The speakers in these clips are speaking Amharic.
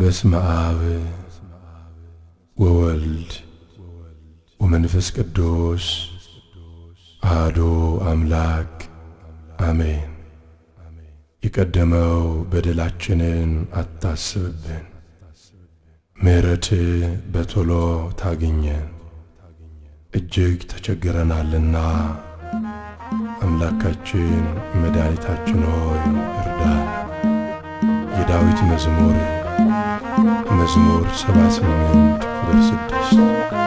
በስመ አብ ወወልድ ወመንፈስ ቅዱስ አሐዱ አምላክ አሜን። የቀደመው በደላችንን አታስብብን፣ ምሕረት በቶሎ ታግኘን። እጅግ ተቸግረናልና አምላካችን መድኃኒታችን ሆይ እርዳ። የዳዊት መዝሙር መዝሙር 78 ቁጥር 6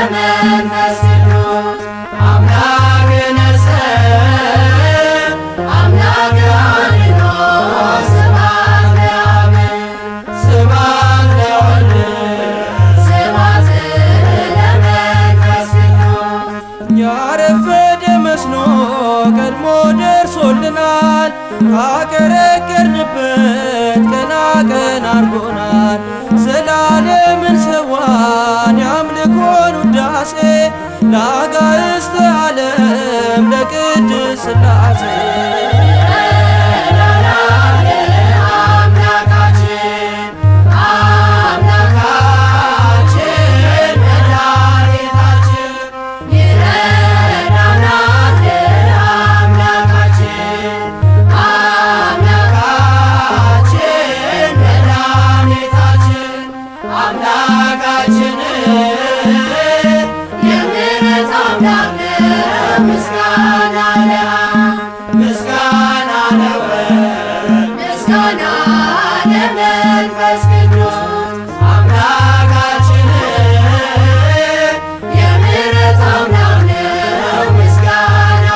Amen. to መንፈስ ቅዱስ አምላካችን የምሕረት አምላክ ነው። ምስጋና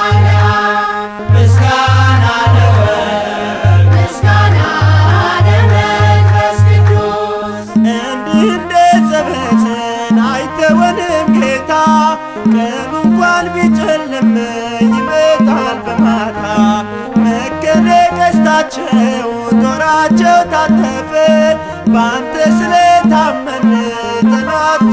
ምስጋና ምስጋና ለመንፈስ ቅዱስ እንደ ዘበትን አይተወንም ጌታ ቀኑ እንኳን ቢጨልም ይመጣል በማታ መከነ ቀስታቸው በፍቅራቸው ታተፈ በአንተ ስለታመነ ጠላት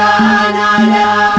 Puranana